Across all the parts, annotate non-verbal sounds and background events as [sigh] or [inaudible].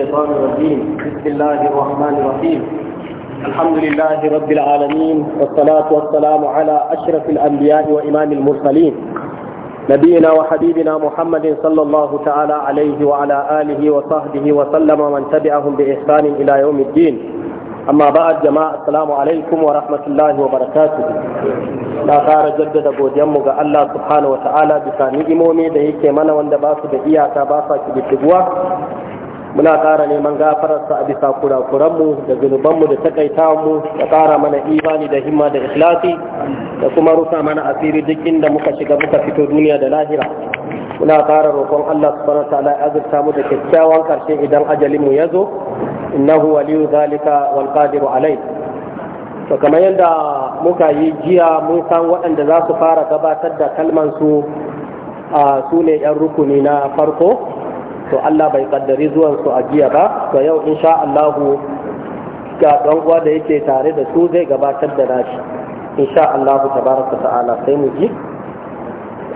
الشيطان الرجيم بسم الله الرحمن الرحيم الحمد لله رب العالمين والصلاة والسلام على أشرف الأنبياء وإمام المرسلين نبينا وحبيبنا محمد صلى الله تعالى عليه وعلى آله وصحبه وسلم ومن تبعهم بإحسان إلى يوم الدين أما بعد جماعة السلام عليكم ورحمة الله وبركاته لا قار جدد أبو ديمو الله سبحانه وتعالى بساني إمومي دهيك من وندباس بإياتا باسا كبتبوا muna ƙara neman gafararsa a bisa kurakuranmu da zunubanmu da mu da ƙara mana imani da himma da ikhlasi da kuma rusa mana asiri duk inda muka shiga muka fito duniya da lahira muna ƙara roƙon Allah subhanahu wa ta'ala ya azurta mu da kyakkyawan ƙarshe idan ajalinmu ya zo innahu waliyu zalika wal qadiru alai to kamar yadda muka yi jiya mun san waɗanda za su fara gabatar da kalman su su ne 'yan rukuni na farko to Allah bai kaddari zuwan su a jiya ba to yau insha Allah ga dan uwa da yake tare da su zai gabatar da nashi insha Allah tabaraka ta'ala sai mu ji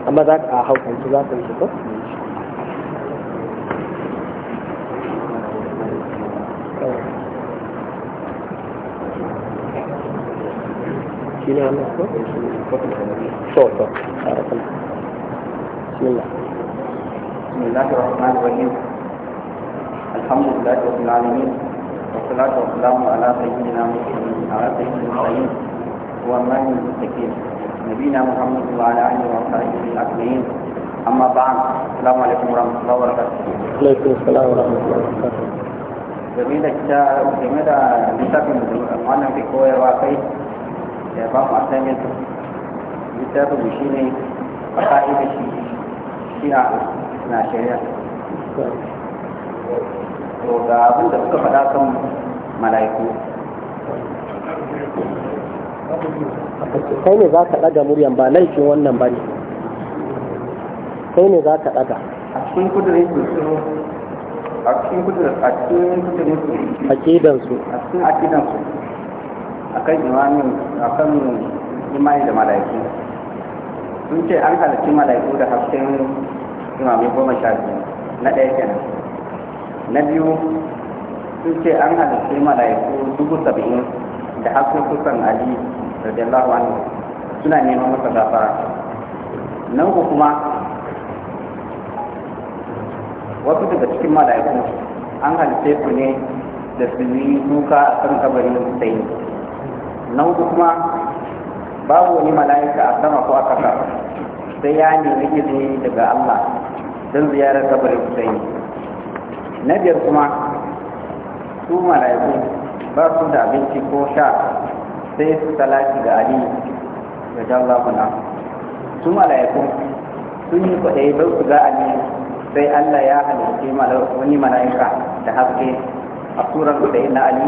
amma za ka haukanci za ka yi shi ko شيء نعمل صوت صوت بسم بسم الله الرحمن الرحيم الحمد لله رب العالمين والصلاة والسلام على سيدنا محمد وعلى سيدنا المرسلين نبينا محمد وعلى آله وصحبه أجمعين أما بعد السلام عليكم ورحمة الله وبركاته. وعليكم السلام ورحمة الله وبركاته. game na shari'a to ga abinda suka faɗa kan mala'iku kai ne za ka ɗaga muryan ba laifin wannan ba ne kai ne za ka ɗaga a cikin kudurin su a cikin kudurin a cikin kudurin su a cikin su a cikin akidan su a kan imanin a kan imani da mala'iku sun ce an halarci mala'iku da hasken imamai goma sha biyu na ɗaya kenan na biyu sun ce an halittu mala'iku dubu saba'in da hasu kusan ali radiyallahu anhu suna neman masa gafara nan ku kuma wasu daga cikin mala'iku an halitta su ne da su yi duka a kan kabarin sai na ku kuma babu wani mala'ika a sama ko a kasa sai ya nemi izini daga Allah don ziyarar kabarin husaini na biyar kuma su malayu ba su da abinci ko sha sai su talaki ga ali da jallabuna su malayu sun yi kwaɗayi don su ga ali sai allah ya halitta wani mala'ika da haske a turar kwaɗayi na ali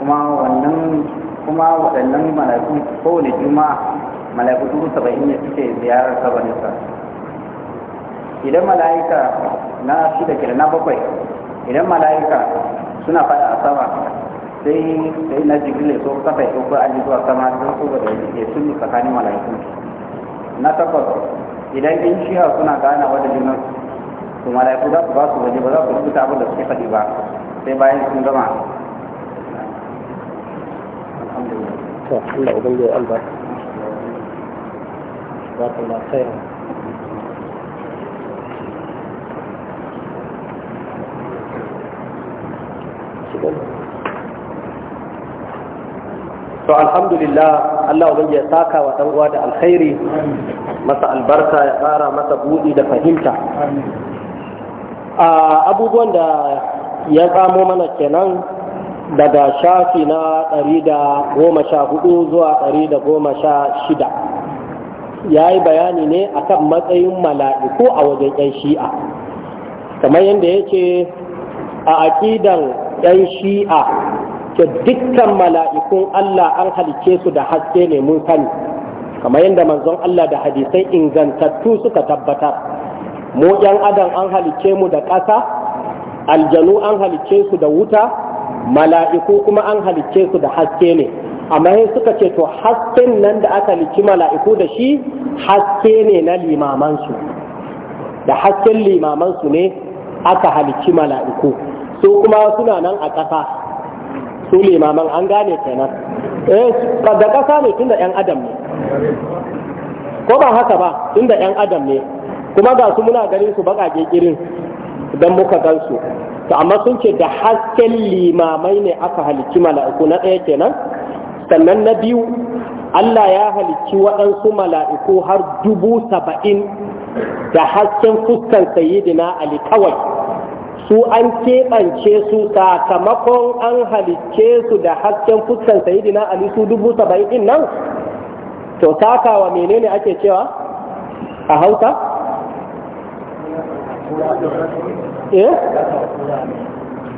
kuma wannan kuma waɗannan mala'iku kowane juma'a mala'iku 70 saba'in ne suke ziyarar kabarinsa idan mala'ika na shida kira na bakwai idan mala'ika suna fada a sama sai sai na jibril so kafa ya ko an zuwa sama don saboda ya sunu tsakanin mala'iku na takwas idan in shiha suna gana wa da junan to mala'iku za su ba su waje ba za su rubuta abin da suke faɗi ba sai bayan sun gama to Allah ubangiji ta la khairan To alhamdu to alhamdulillah Allah ya saka wa dan uwa da alkhairi masa albarka ya ƙara masa buɗi da fahimta a abubuwan da ya tsamo mana kenan daga shafi na ɗari da goma sha hudu zuwa ɗari da goma sha shida ya yi bayani ne a kan matsayin mala'iku a wajen 'yan shi'a kamar yadda ya ce a aƙidan 'yan shi'a ke dukkan mala'ikun Allah an halice su da haske ne mun sani kamar yadda manzon Allah da hadisai ingantattu suka tabbatar mu 'yan adam an halice mu da ƙasa aljanu an halice su da wuta mala'iku kuma an halice su da haske ne amma yin suka ce to hasken nan da aka halici mala'iku da shi haske ne na limamansu da hasken limamansu ne aka halici mala'iku su kuma suna nan a ƙasa su limaman an gane kenan eh da ƙasa ne tun da yan adam ne ko ba haka ba tun da yan adam ne kuma ga su muna ganin su baka irin dan muka gan su to amma sun ce da hasken limamai ne aka halicci mala'iku na ɗaya kenan sannan na biyu Allah ya halicci waɗansu mala'iku har dubu saba'in da hasken fuskan sayidina Ali kawai su an keɓance su sakamakon an halicce su da hasken fuskan sayidina ali su dubu saba'in nan to takawa menene ake cewa a hausa eh?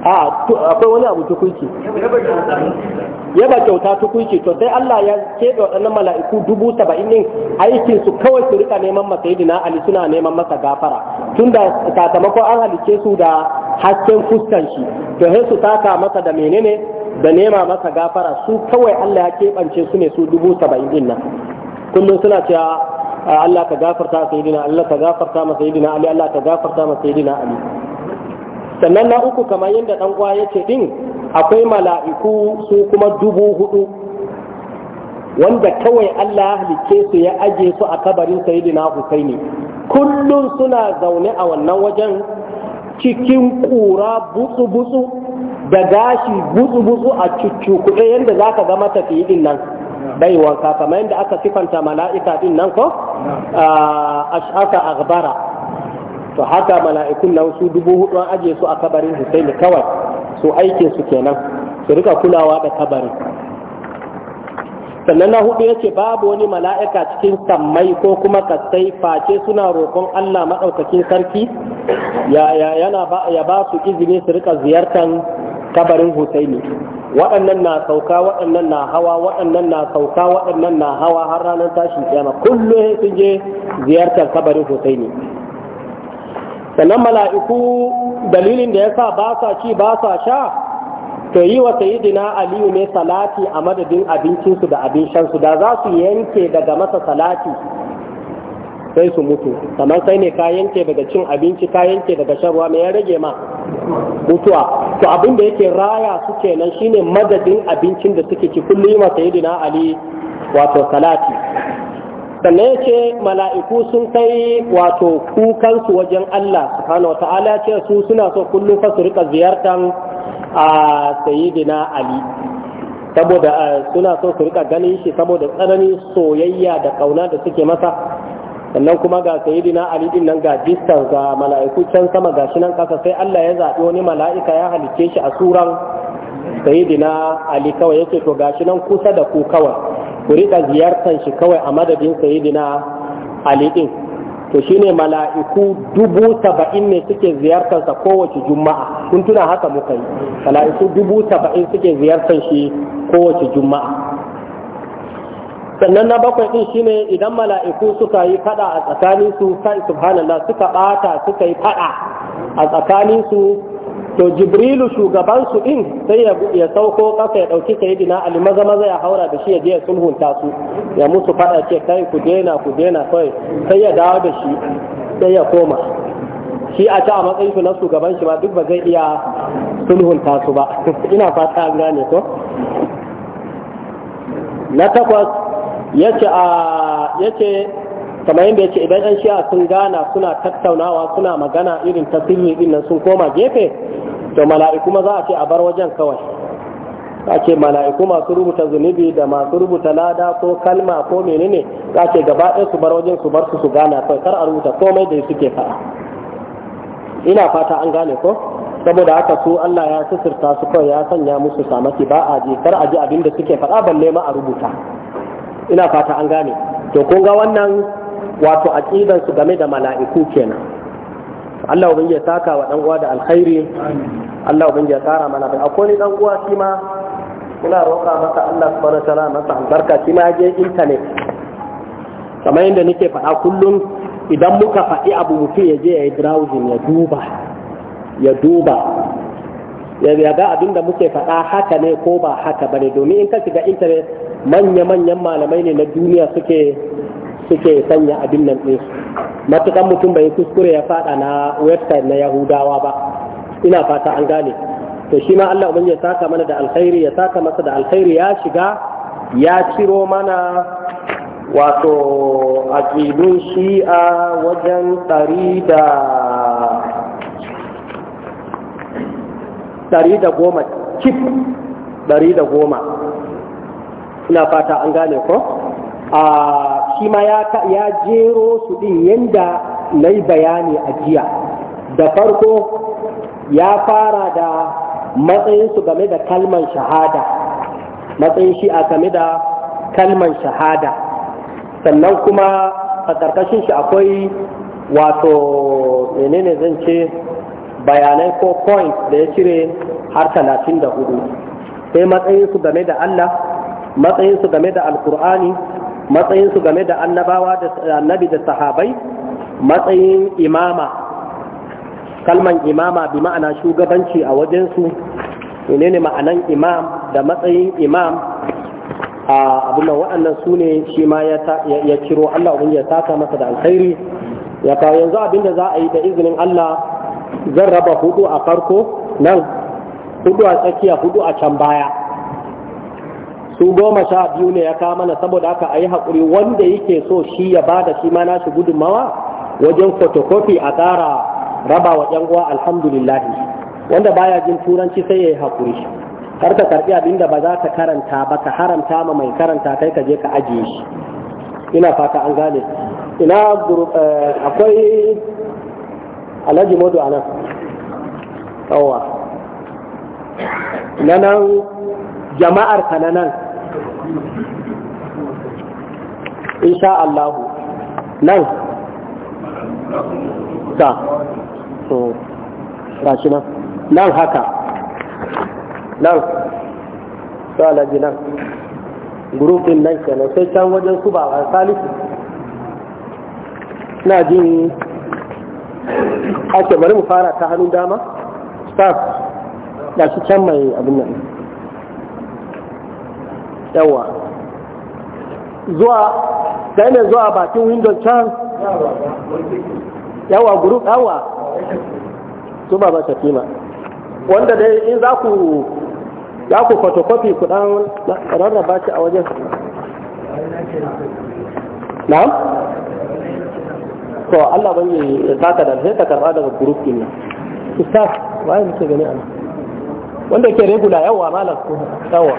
akwai wani abu tukunci ba kyauta tukunci to sai Allah ya keɓe waɗannan mala'iku dubu saba'in ɗin aikin su kawai su rika neman masa na Ali suna neman masa gafara tunda sakamakon an halice su da hasken fuskan shi to sai su taka masa da menene da nema masa gafara su kawai Allah ya keɓance su ne su dubu saba'in ɗin nan kullum suna cewa Allah ka gafarta masa Allah ka gafarta Ali Allah ka gafarta masa sayyidina Ali sannan na uku kamar yadda ɗan uwa ce ɗin, akwai mala'iku su kuma dubu hudu wanda kawai Allah ya halicce su ya aje su a kabarin sayyidina Husaini kullum suna zaune a wannan wajen cikin kura butsu-butsu da gashi butsu-butsu a cuccukuɗe yadda za ka zama tafiye din nan baiwanka kamar yadda aka sifanta mala'ika din nan ko a ah, ash'aka agbara to haka mala'ikun nan su dubu hudu an aje su a kabarin Husaini kawai su aikin su kenan su rika kulawa da kabarin sannan na hudu yace babu wani mala'ika cikin sammai ko kuma kasai face suna roƙon Allah maɗaukakin sarki ya yana ba ya ba su izini su rika ziyartan kabarin Husaini waɗannan na sauka waɗannan na hawa waɗannan na sauka waɗannan na hawa har ranar tashin kiyama kullum sun je ziyartar kabarin Husaini sannan mala'iku dalilin da ya sa ba sa ci ba sa sha to yi wa sayidina aliyu ne salati a madadin abincinsu da abin shansu da za su yanke daga masa salati sai su mutu kamar sai ne ka yanke daga cin abinci ka yanke daga shan ruwa mai ya rage ma mutuwa to abin da yake raya su kenan shine madadin abincin da suke ci kullum yi wa sayidina ali wato salati sannan ya ce mala'iku sun kai wato kukansu wajen Allah subhanahu wa ta'ala ce su suna so kullum fa su rika ziyartan a sayidina Ali saboda suna so su rika ganin shi saboda tsananin soyayya da ƙauna da suke masa sannan kuma ga sayidina Ali din nan ga distance ga mala'iku can sama ga shi nan kasa sai Allah ya zaɓi wani mala'ika ya halicce shi a suran sayidina ali kawai yake to gashi nan kusa da ku kawai ku rika ziyartar shi kawai a madadin sayidina ali din to shine mala'iku dubu saba'in ne suke ziyartar sa kowace juma'a kun tuna haka muka yi mala'iku dubu saba'in suke ziyartar shi kowace juma'a sannan na bakwai din shine idan mala'iku suka yi fada a tsakanin su sai subhanallah suka bata suka yi fada a tsakanin su to jibrilu shugaban su din sai ya sauko kasa ya dauki sayyidina ali maza maza ya haura da shi ya je ya sulhunta su ya musu fada ce kai ku dena ku dena kai sai ya dawo da shi sai ya koma shi a ta a matsayin su na shugaban shi ma duk ba zai iya sulhunta su ba [laughs] ina fata an gane to? na takwas yace a yace kamar yadda ya ce idan yan shi'a sun gana suna tattaunawa suna magana irin ta sirri din nan sun koma gefe to mala'iku ma za a ce a bar wajen kawai za ce mala'iku masu rubuta zunubi da masu rubuta lada ko kalma ko menene za ce gaba ɗaya su bar wajen su bar su su gana kawai kar a rubuta komai da suke faɗa ina fata an gane ko saboda haka su Allah ya sisirta su kawai ya sanya musu samaki ba a je kar a ji abin da suke faɗa balle ma a rubuta ina fata an gane to kun ga wannan wato aqidan su game da mala'iku kenan Allah ubangiji ya saka wa dan uwa da alkhairi Allah ubangiji ya kara mana da akwai ni dan uwa shi ma muna roƙa masa Allah subhanahu wa ta'ala masa albarka shi ma je internet kamar yadda nake faɗa kullum idan muka faɗi abu mutum ya je ya yi drowsin ya duba ya duba ya ga abin da muke faɗa haka ne ko ba haka bane domin in ka shiga intanet manya-manyan malamai ne na duniya suke suke sanya abin nan ɗin matukan mutum bai kuskure ya fada na website na yahudawa ba ina fata an gane to shi ma Allah ubangiji ya saka mana da alkhairi ya saka masa da alkhairi ya shiga ya ciro mana wato aqidun shi'a wajen ɗari da da goma cif ɗari da goma ina fata an gane ko a shi ma ya jero su ɗin yadda na yi bayani a jiya da farko ya fara da matsayinsu game da kalman shahada matsayin shi a game da kalman shahada sannan kuma a ƙarƙashin shi akwai wato menene zan ce bayanai ko point da ya cire har talatin da hudu sai matsayinsu game da Allah matsayinsu game da alkur'ani matsayinsu game da annabawa da annabi da sahabai matsayin imama kalman imama bi ma'ana shugabanci a wajensu menene ma'anan imam da matsayin imam a waɗannan su ne shi ma ya ciro Allah abin ya saka masa da alkhairi ya kawo yanzu abin da za a yi da izinin Allah zan raba hudu a farko nan hudu a tsakiya hudu a can baya su goma sha biyu ne ya kama mana saboda haka a yi haƙuri wanda yake so shi ya ba da shi ma shi gudunmawa wajen fotokofi a ƙara raba wa ‘yan uwa alhamdulillahi wanda baya jin turanci sai ya yi haƙuri har ka karɓi abin da ba za ka karanta ba ka haramta ma mai karanta kai ka je ka ajiye shi ina fata an gane ina eh, akwai alhaji modu a nan na nan jama'ar ka na nan sha Allahu nan ta so rashi nan nan haka nan tsala ji nan gurufin nan kenan sai can wajen su ba a salisu na jin ake bari mu fara ta hannun dama staff da shi can mai abin nan yawa zuwa sai ne zuwa bakin window can yawa group yawa su ba ba shakima wanda dai in za ku za ku photocopy ku dan rarraba shi a wajen na'am to Allah ban yi saka da sai ka karba daga group din nan ustaz wai muke gani ana wanda ke regular yawa malam yawa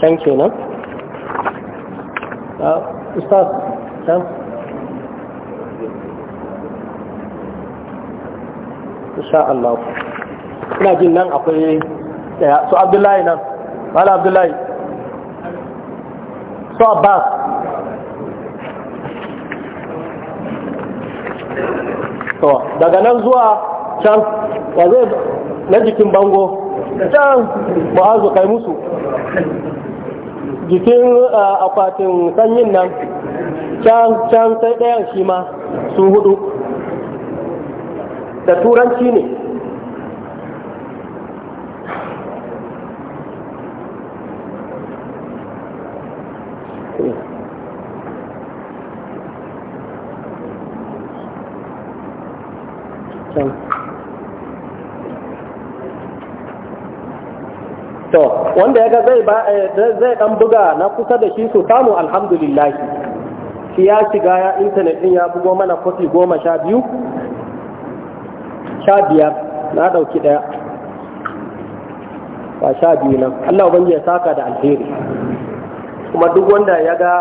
can kenan ustaz can insha Allah ina jin nan akwai daya so abdullahi nan wala abdullahi so abbas to daga nan zuwa can wa zai na jikin bango can ba kai musu jikin akwatin sanyin nan can sai ɗayan shi ma su hudu da turanci ne wanda ya ga zai ɗan eh, buga na kusa da shi su samu alhamdulillahi, shi ya shiga ya intanet ɗin ya bugo mana kofi goma sha biyu sha biyar na ɗauki ɗaya ba sha biyu nan Allah ubangi ya saka da alheri kuma duk wanda ya ga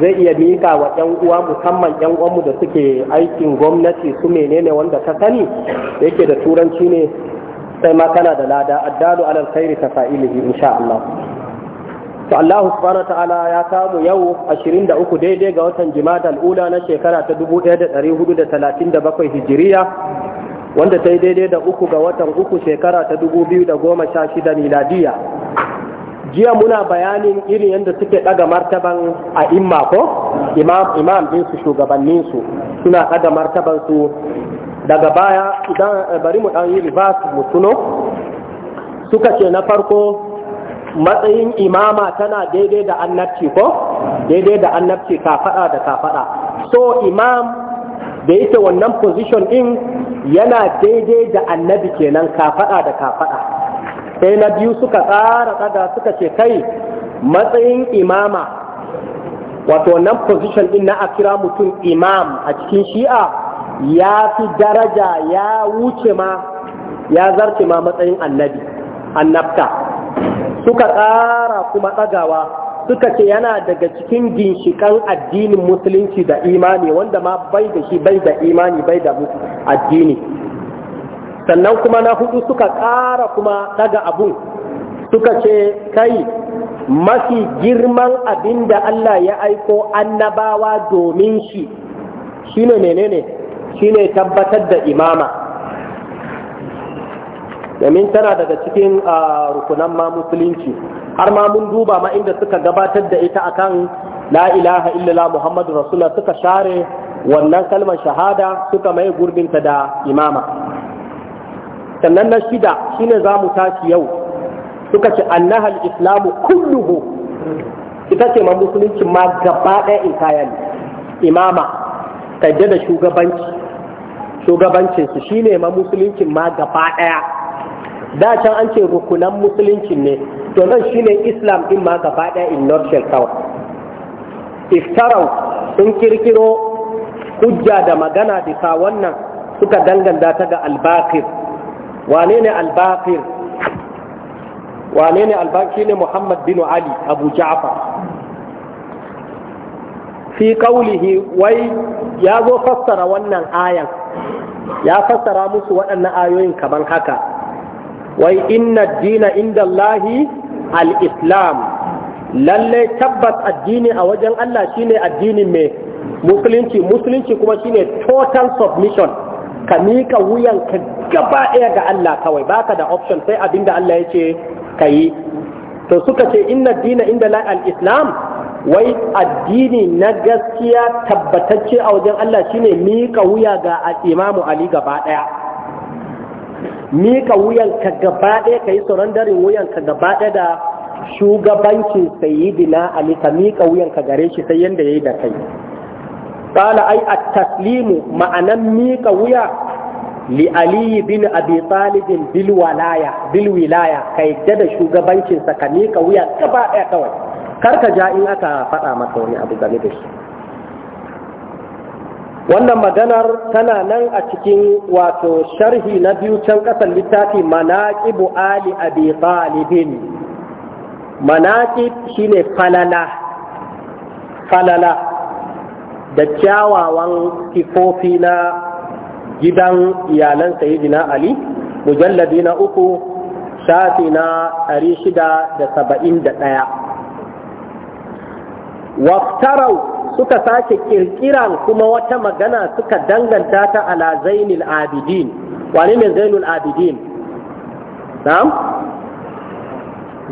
zai iya mika wa ƴan uwa musamman ƴan uwanmu da suke aikin gwamnati su menene wanda ta sani da yake da turanci ne sai ma kana da lada addalu alal khairi ka fa'ilihi insha Allah to Allah subhanahu ta'ala ya kamu yau 23 daidai ga watan Jumadal ula na shekara ta 1437 Hijiriya wanda ta yi daidai da uku ga watan uku shekara ta 2016 miladiya jiya muna bayanin irin yadda suke ɗaga martaban a imma ko imam imam din su shugabannin su suna ɗaga martaban su daga baya idan eh, bari mu dan yi reverse mu tuno suka ce na farko matsayin imama tana daidai da annabci ko daidai da annabci fada da fada so imam da yake wannan position din yana daidai da annabi kenan kafaɗa da fada sai na biyu suka tsara tsada suka ce kai matsayin imama wato wannan position din na a kira mutum imam a cikin shi'a ya fi daraja ya wuce ma ya zarce ma matsayin annabi annabta suka ƙara kuma ɗagawa suka ce yana daga cikin ginshikan addinin musulunci da imani wanda ma bai da shi bai da imani bai da addini sannan kuma na hudu suka ƙara kuma ɗaga abun suka ce kai mafi girman abin da Allah ya aiko annabawa domin shi shine menene shine tabbatar da imama domin tana daga cikin rukunan ma musulunci har ma mun duba ma inda suka gabatar da ita akan la ilaha illallah muhammadu rasulullah suka share wannan kalmar shahada suka mai gurbinta da imama sannan na shida shine za mu tashi yau suka ce annahal islamu kulluhu ita ce ma musulunci ma gaba ɗaya in imama kaje da shugabanci shugabancinsu shine ma musuluncin ma gaba daya da can an ce rukunan musuluncin ne to nan shine islam din ma gaba daya in shall kawai iftarau sun kirkiro hujja da magana bisa wannan suka danganta ta ga albaqir wane ne albaqir wane ne albaqir ne muhammad bin ali abu ja'far fi qaulihi wai ya zo fassara wannan ayan ya fassara musu waɗannan ayoyin kamar haka wai inna dina inda Allahi al lalle tabbas addini a wajen Allah shine addini mai musulunci musulunci kuma shine total submission ka mika wuyan ka gaba ɗaya ga Allah kawai baka da option sai abinda Allah ya ce ka yi to suka ce inna dina inda al-islam wai addini na gaskiya tabbatacce a wajen Allah shine miƙa wuya ga imamu Ali gaba ɗaya miƙa wuyanka gaba ɗaya ka yi wuyan wuyanka gaba ɗaya da shugabancin sayyidina Ali ka miƙa wuyanka gare shi sai yanda yi da kai Tsala ai a taslimu ma'anan miƙa wuya li Ali bin Abi Talibin bil wilaya ka yadda da shugabancinsa ka miƙa wuya gaba ɗaya kawai kar ka ja in aka faɗa maka wani abu game da shi wannan maganar tana nan a cikin wato sharhi na biyu can ƙasan littafi manaƙibu ali abi talibin manaƙib shine falala falala da kyawawan kifofi na gidan iyalan sayidina ali mujalladi na uku shafi na ɗaya. waftarau suka sake kirkiran kuma wata magana suka danganta ta ala zainul abidin Wani ne zainul abidin na'am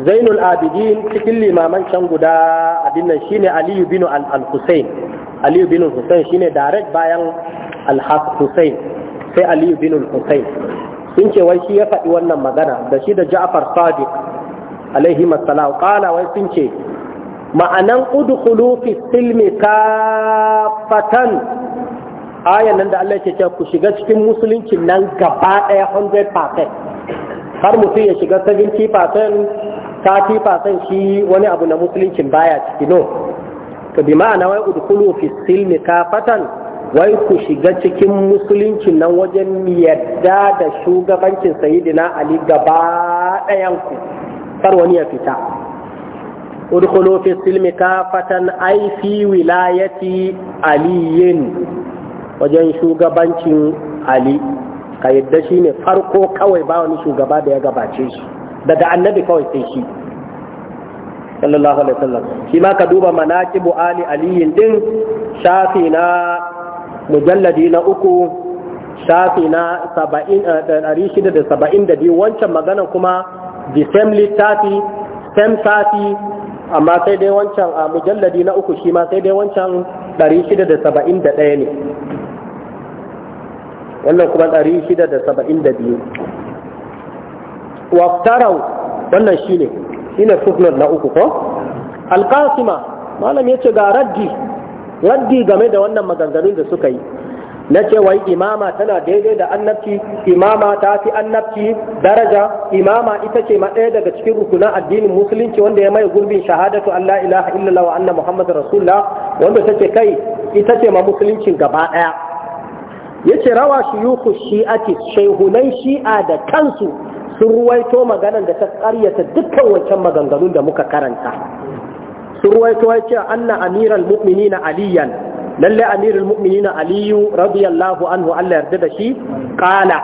zainul abidin cikin limaman can guda abin nan shine aliyu bin al-husayn aliyu bin al shi shine direct bayan al-husayn sai aliyu bin al-husayn sun ce wai shi ya faɗi wannan magana da shi da ja'far sadiq alaihi masala qala wai sun ce ma'anan udkhulu fi silmi kafatan ayan nan da Allah yake cewa ku shiga cikin musulunci nan gaba daya 100% har mutum ya shiga 70% 30% shi wani abu na musulunci baya ciki no to bi ma'ana wai udkhulu fi silmi kafatan wai ku shiga cikin musulunci nan wajen yadda da shugabancin sayyidina Ali gaba dayan ku kar wani ya fita udkhulu fi silmi kafatan ai fi wilayati aliyin wajen shugabancin ali ka yadda shi ne farko kawai ba wani shugaba da ya gabace shi daga annabi kawai sai shi sallallahu alaihi wasallam shi ma ka duba manaqibu ali aliyin din shafi na mujalladi na uku shafi na saba'in saba'in eh, shida da 672 wancan maganan kuma the same littafi same sati amma sai dai wancan a mujalladi na uku shi ma sai dai wancan 671 ne wannan kuma 672 waftarau wannan shi ne shi ne footnote na uku ko alkasima malam ya ce ga raddi raddi game da wannan maganganun da suka yi na cewa imama tana daidai da annabci imama ta fi annabci daraja imama ita ce maɗaya daga cikin rukunan addinin musulunci wanda ya mai gurbin shahadatu Allah ilaha illallah wa anna muhammadar rasulullah wanda take kai ita ce ma musulunci gaba ɗaya yace rawa shuyukhu shi'ati shi shi'a da kansu sun ruwaito maganar da ta ƙaryata dukkan wancan maganganun da muka karanta sun ruwaito ya ce anna amiral mu'minina aliyan lalle amirul mu'minin aliyu radiyallahu anhu Allah yarda da shi qala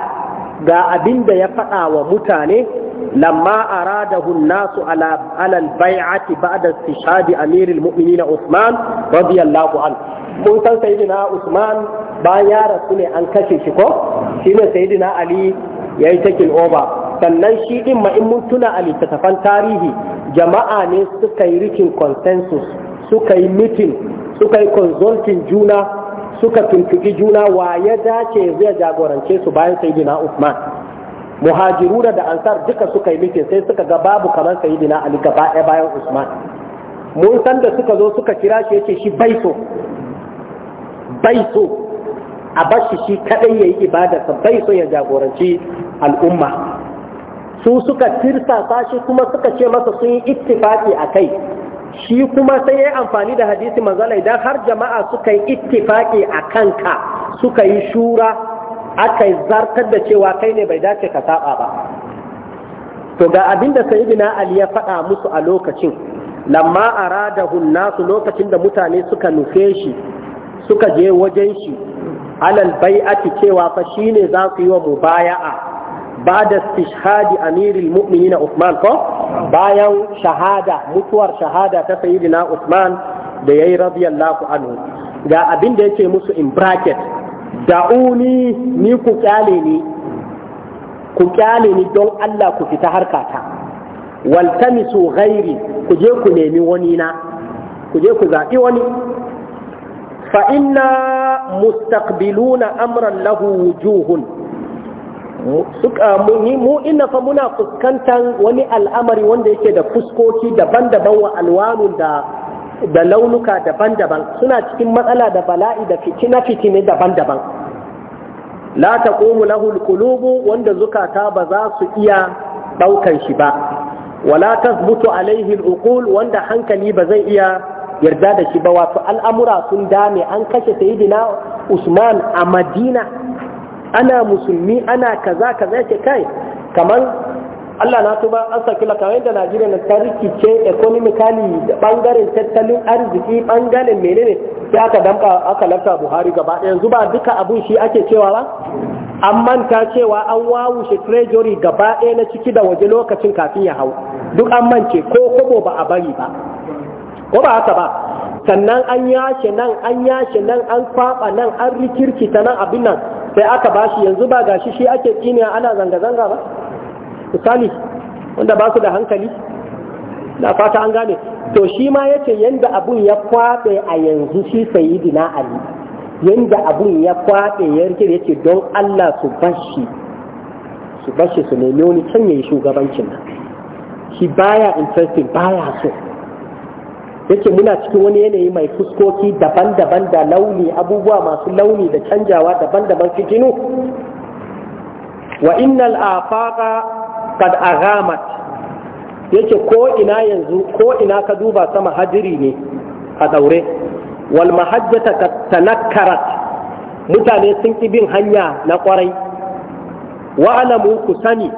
ga abin da ya faɗa wa mutane lamma aradahu nasu ala ala al-bai'ati ba'da istishhadi amirul mu'minin Usman radiyallahu anhu Mun san sayyidina Usman bayan ya rasu ne an kashe shi ko shine sayyidina Ali yayi takin over sannan shi din ma in mun tuna a littattafan tarihi jama'a ne suka yi rikin consensus suka yi mitin suka yi consulting juna suka tuntuki juna wa ya dace zai jagorance su bayan dina Usman muhajiruna da ansar duka suka yi mitin sai suka ga babu kamar dina Ali gaba bayan Usman mun san da suka zo suka kira shi yace shi bai so bai so a bashi shi kadai yayi ibadarsa bai so ya jagoranci al'umma su suka tirsa shi kuma suka ce masa sun yi ittifaki a kai shi kuma sai ya amfani da hadisi manzala idan har jama'a suka yi ittifaki a kanka suka yi shura aka zartar da cewa kai ne bai dace ka saba ba to ga abinda sayyidina ali ya faɗa musu a lokacin lamma aradahu nasu lokacin da mutane suka nufe shi suka je wajen shi alal bai'ati cewa fa shine za su yi wa mubaya'a بعد Usman أمير bayan shahada mutuwar shahada ta متور شهادة تسيدنا عثمان دي رضي الله عنه ga abin da yake musu in bracket da'uni ni ku kyale ni ku kyale ni don Allah ku fita harkata waltamisu ghairi ku je ku nemi wani na ku je ku zaɓi wani fa inna mustaqbiluna amran lahu wujuhun suka mu ina fa muna fuskantar wani al'amari wanda yake da fuskoki daban-daban wa alwanu da da launuka daban-daban suna cikin matsala da bala'i da fitina fitine daban-daban la taqumu lahu alqulubu wanda zukata ba za su iya daukan shi ba wala tasbutu alaihi al'uqul wanda hankali ba zai iya yarda da shi ba wato al'amura sun dame an kashe sayyidina Usman a Madina ana musulmi ana kaza kaza ce kai kamar Allah na tuba an saki laka wanda Najeriya na ta rikice economically da bangaren tattalin arziki bangaren menene sai aka danka aka lafta Buhari gaba yanzu ba duka abun shi ake cewa ba an manta cewa an wawushe treasury gaba ɗaya na ciki da waje lokacin kafin ya hau duk an mance ko kobo ba a bari ba ko ba haka ba sannan an yashe nan an yashe nan an kwaba nan an rikirki ta nan abin nan sai aka ba shi yanzu ba gashi shi ake kimiya ana zanga-zanga ba misali wanda ba su da hankali na fata an gane to shi ma yace yanda abun ya kwabe a yanzu shi dina ali yanda abun ya kwabe ya rike yace don Allah su bashi su bashi su nemi wani can yayi shugabancin shi baya interesting baya so yake muna cikin wani yanayi mai fuskoki daban-daban da launi abubuwa masu launi da canjawa daban-daban fitinu wa innal afaqa qad aghamat yake ko ina yanzu ko ina ka duba sama hadiri ne a daure wal mahajjata tanakkarat mutane sun ki bin hanya na kwarai wa alamu ku sani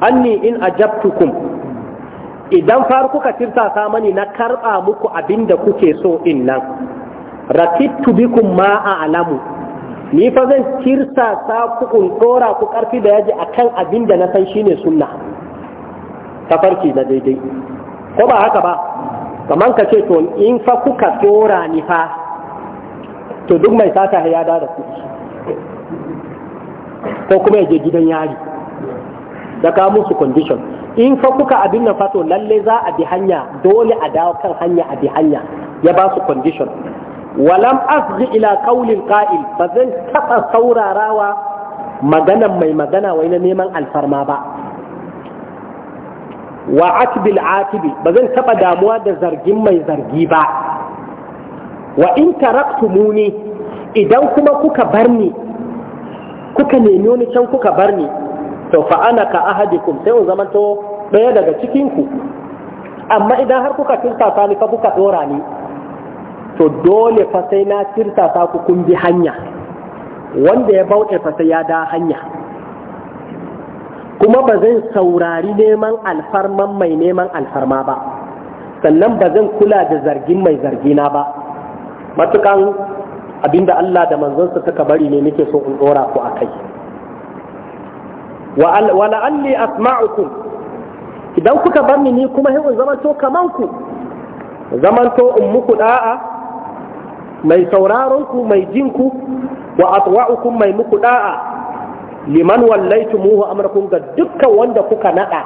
anni in ajabtukum idan far kuka tirsasa mani na karɓa muku abin da kuke so in nan rakittu bikum ma a alamu ni fa zan tirsasa ku in ɗora ku ƙarfi da yaji akan abin da na san shine sunna tafarki na daidai ko ba haka ba kamar ka ce to in fa kuka ɗora ni fa to duk mai sata ya da da ko kuma ya je gidan yari da ka musu conditions in fa kuka abin nan fato lalle za a bi hanya dole a dawo kan hanya a bi hanya ya ba su condition walam asghi ila qawlil qa'il ba zan taba saurarawa maganan mai magana wai na neman alfarma ba wa atbil atibi ba zan taba damuwa da zargin mai zargi ba wa in taraktumuni idan kuma kuka bar ni kuka nemi wani can kuka bar ni to fa ana ka ahadikum sai zama to daya daga cikinku amma idan har kuka tirsasa ni fa kuka ɗora ni to dole fa sai na tirsasa ku kun bi hanya wanda ya bauɗe fa sai ya da hanya kuma ba zan saurari neman alfarman mai neman alfarma ba sannan ba zan kula da zargin mai zargina ba matukan abinda Allah da manzonsa suka bari ne nake so in ɗora ku a kai wa la'alli asma'ukum idan kuka bar ni kuma hewan zamanto kaman ku zamanto in muku da'a mai sauraron ku mai jin ku wa atwa'ukum mai muku da'a liman wallaitumuhu amrakum ga dukkan wanda kuka nada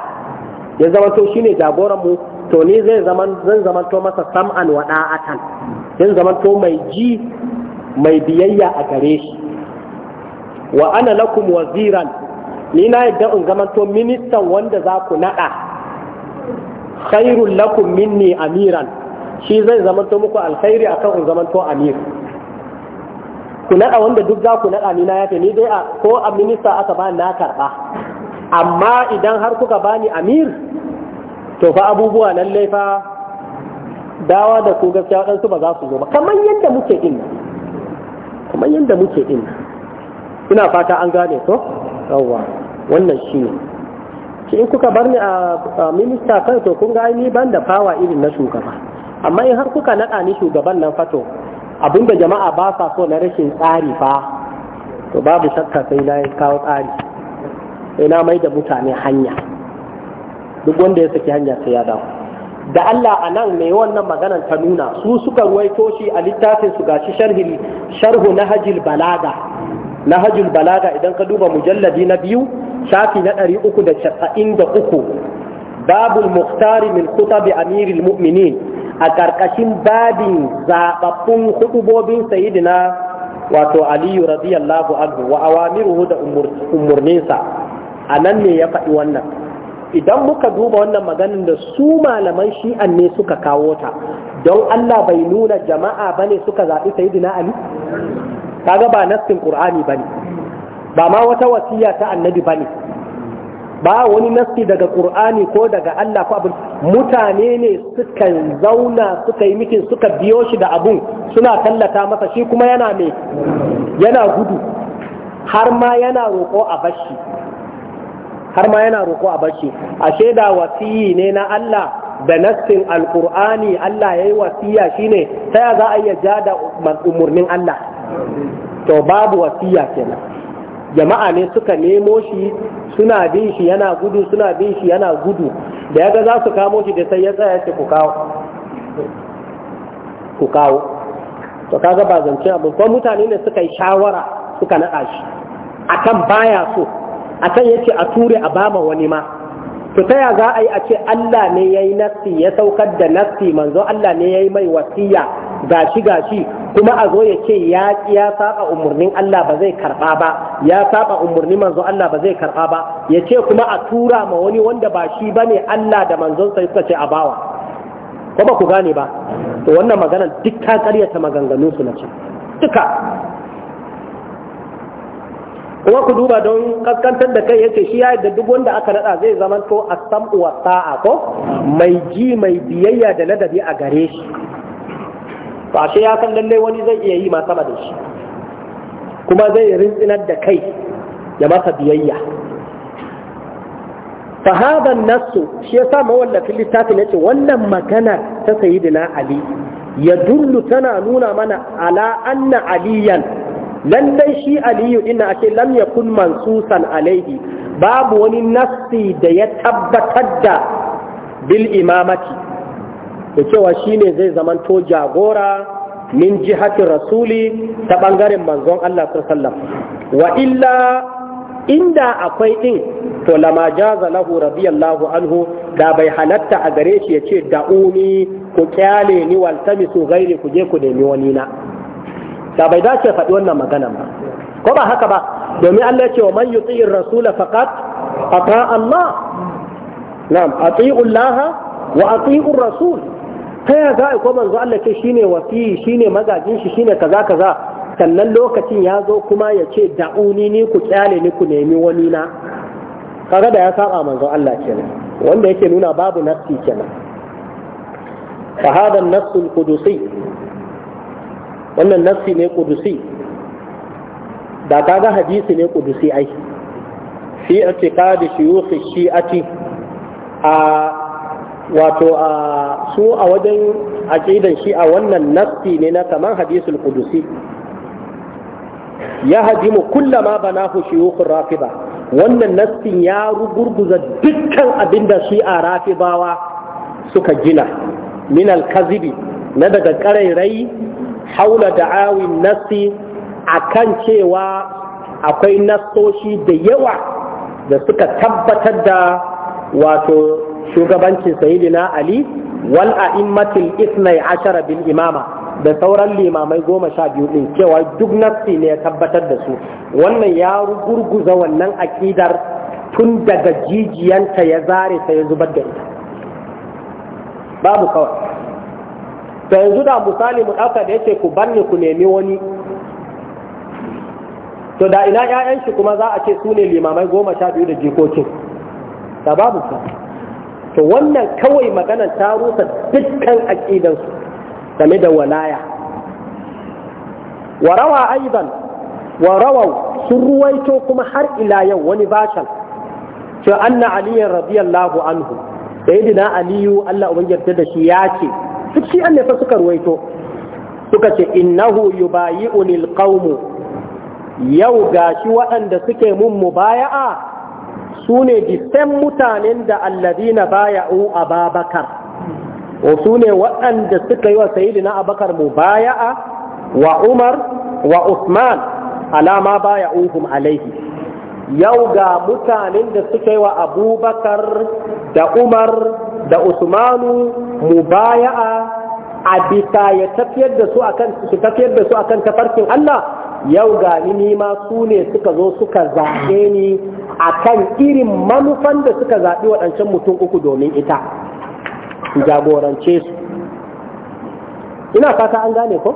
ya zamanto shine jagoran mu to ni zai zaman zan zamanto masa sam'an wa da'atan zan zamanto mai ji mai biyayya a gare shi wa ana lakum waziran ni na yadda in zamanto ministan wanda za ku naɗa khairul lakum minni amiran shi zai zamanto muku alkhairi akan in zamanto amir ku naɗa wanda duk za ku naɗa ni na yafe ni dai a ko a minista aka ba na karɓa amma idan har kuka bani amir to fa abubuwa lallai fa dawa da ku gaskiya waɗansu ba za su zo ba kamar yadda muke din kamar yadda muke din ina fata an gane ko yawwa wannan shi ne shi in kuka bar ni a minista kai to kun ga ni ban da fawa irin na shugaba amma in har kuka naɗa ni shugaban nan fato abinda jama'a ba sa so na rashin tsari fa to babu shakka sai na kawo tsari sai na mai da mutane hanya duk wanda ya saki hanya sai ya dawo da Allah a nan mai wannan maganar ta nuna su suka ruwaito shi a littafin su gashi sharhi sharhu na Hajil balaga na hajjul balaga idan ka duba mujalladi na biyu shafi na ɗari uku da casa'in da uku babul muhtari min khutabi amiril mu'minin a ƙarƙashin babin zaɓaɓɓun hudubobin sayidina wato aliyu radiyallahu anhu wa awamiruhu da umurninsa a nan ne ya faɗi wannan idan muka duba wannan maganin da su malaman shi'an ne suka kawo ta don allah bai nuna jama'a bane suka zaɓi sayidina ali kaga ba nassin qur'ani bane ba ma wata wasiya ta annabi bane ba wani nassi daga qur'ani ko daga Allah ko abin mutane ne suka zauna suka yi mikin suka biyo shi da abun suna tallata masa shi kuma yana me yana gudu har ma yana roƙo a bashi har ma yana roƙo a bashi ashe da wasiyi ne na Allah da nassin alkur'ani Allah yayi wasiya shine ta za a iya jada da Allah to babu wasiya kenan jama'a ne suka nemo shi suna bin shi yana gudu suna bin shi yana gudu da yaga za su kamo shi da sai ya tsaya ce ku kawo ku kawo to kaga ba zance abu ko mutane ne suka yi shawara suka naɗa shi akan baya so akan yace a ture a bama wani ma to ta ya za a yi a ce Allah ne ya yi nasti ya saukar da nasti manzo Allah ne ya yi mai wasiya gashi gashi kuma a zo ya ce ya ya saba umarnin Allah ba zai karba ba ya saba umarnin manzo Allah ba zai karba ba ya ce kuma a tura ma wani wanda ba shi bane Allah da manzon sai suka ce a bawa ko ba ku gane ba to wannan magana duk ta karyata maganganun su na ce duka kuma ku duba don kaskantar da kai yace shi ya da duk wanda aka nada zai zaman to as-sam'u wa ko mai ji mai biyayya da ladabi a gare shi ba shi ya san lallai wani zai iya yi ma sama da shi kuma zai rintsinar da kai ya masa biyayya fa hadha an shi yasa mawallafin littafin yace wannan magana ta sayyidina ali ya dullu tana nuna mana ala anna aliyan lallai shi aliyu ina ake lam kun mansusan alaihi babu wani nassi da ya tabbatar da bil imamati da cewa ne zai zamanto jagora min jihati rasuli ta bangaren manzon Allah sallallahu wa illa inda akwai din to lama jaza lahu radiyallahu anhu da bai halatta a gare shi ce da'uni ku kyale ni waltamisu gairi ku je ku nemi wani na da bai dace faɗi wannan magana ba ko ba haka ba domin Allah ya ce wa man yuti'ir rasul faqat ata Allah na'am ati'u Allah wa ati'u rasul ta ya za ko manzo Allah ce shine wasi shine magajin shi shine kaza kaza sannan lokacin ya zo kuma ya ce da'uni ni ku kyale ni ku nemi wani na kaga da ya saba manzo Allah kenan wanda yake nuna babu nafsi kenan fa hada an-nafs al-qudusi wannan nassi ne kudusi da kaga hadisi ne kudusi ai fi i'tiqadi shuyukh shi'ati a wato a su a wajen aqidan shi'a wannan nassi ne na kaman hadisul kudusi ya hajimu kullama banahu shuyukh rafida wannan nassin ya rugurguza dukkan abinda shi'a rafibawa suka gina min al na daga karairai haula da awin nasi kan cewa akwai nasoshi da yawa da suka tabbatar da wato shugabancin sayidina ali wal a'immatil ithnai ashara bil imama da sauran limamai goma sha biyu ɗin cewa duk nassi ne ya tabbatar da su wannan ya gurguza wannan aƙidar tun daga jijiyanta ya zare ta ya zubar da ita babu kawai da yanzu da misali mu ɗauka da yake ku banni ku nemi wani to da ina 'ya'yan shi kuma za a ce su ne limamai goma sha biyu da jikokin da babu to wannan kawai maganar ta rusa dukkan aƙidansu game da walaya Warawa rawa aidan wa rawau sun kuma har ila yau wani bashan ce anna aliyan radiyallahu anhu sayyidina aliyu Allah ubangiyar da shi ya ce duk shi an ne fa suka ruwaito suka ce innahu yubayi'uni alqawmu yau gashi waɗanda suke mun mubaya'a su ne disen mutanen da alladina baya'u ababakar O su ne waɗanda suka yi wa sayidina abakar mubaya'a wa umar wa usman alama baya'uhum alaihi yau ga mutanen da suka yi wa abubakar da umar da usmanu mubaya'a a bisa ya tafiyar da su akan su tafarkin Allah yau ga ni ma su ne suka zo suka zaɓe ni akan irin manufan da suka zaɓi waɗancan mutum uku domin ita su jagorance su ina fata an gane ko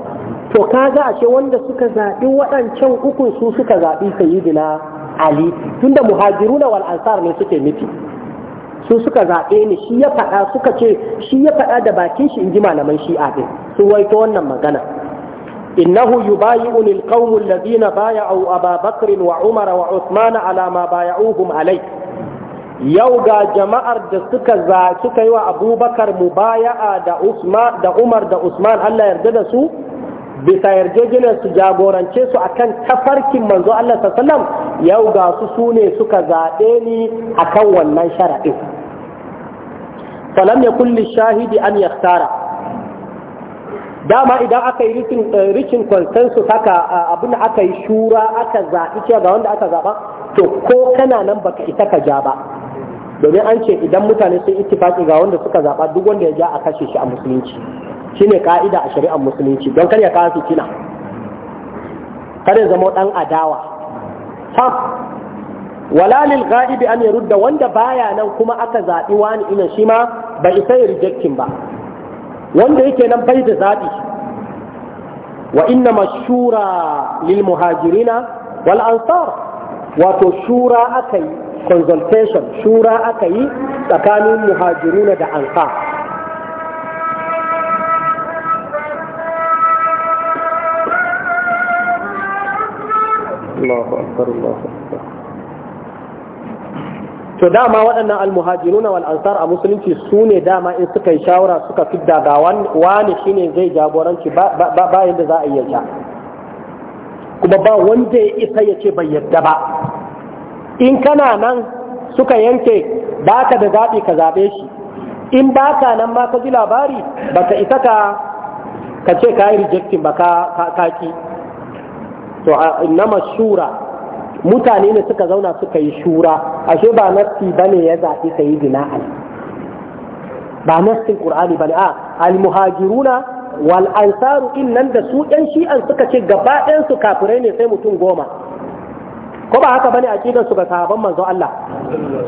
to kaga ashe wanda suka zaɓi waɗancan uku su suka zaɓi sayyidina ali tunda muhajiruna wal ansar ne suke nufi su suka zaɓe ni shi ya faɗa suka ce shi ya faɗa da bakin shi in ji malaman shi'a ɗin sun waito wannan magana innahu yubayi'uni alqawmu alladhina bay'u Aba Bakr wa Umar wa Uthman ala ma bay'uhum alai yau ga jama'ar da suka za suka yi wa Abubakar mubaya'a da Usman da Umar da Usman Allah yarda da su bisa yarjejeniyar su jagorance su akan tafarkin manzo Allah sallam yau ga su sune suka zaɓe ni akan wannan sharaɗin falam ya kulli shahidi an yaktara dama idan aka yi rikin eh, consensus haka abin aka yi shura aka zaɓi ce ga wanda aka zaɓa to ko kana nan baka ita ka ja ba domin an ce idan mutane sun ittifaki ga wanda suka zaɓa duk wanda ya ja a kashe shi a musulunci shine ka'ida a shari'ar musulunci don kar ya kawo fitina kar ya zama dan adawa Ha wala lil ghaibi an yarudda wanda baya nan kuma aka zaɓi wani ina shi ma ba isa ya rejectin ba wanda yake nan bai da zaɓi wa inna mashura lil muhajirina wal ansar wato shura aka yi consultation shura aka yi tsakanin muhajiruna da ansa to dama waɗannan almuhajiruna wal ansar a musulunci su ne dama in suka yi shawara suka fi daga wani shine zai jagoranci bayan da za a iya ja kuma ba wanda ya isa ya ce bai yadda ba in kana nan suka yanke baka da zaɓi ka zaɓe shi in baka nan ma ka ji labari baka isa ka ka ce ka yi rejectin ba ka ki to nama shura mutane ne suka zauna suka yi shura ashe ba ba ne ya zaɓi sayyidina ali ba ƙur'ani ba bane a almuhajiruna wal ansaru nan da su ɗan shi'an suka ce gaba ɗayan su kafirai ne sai mutum goma ko ba haka bane aqidar su ga sahabban manzo Allah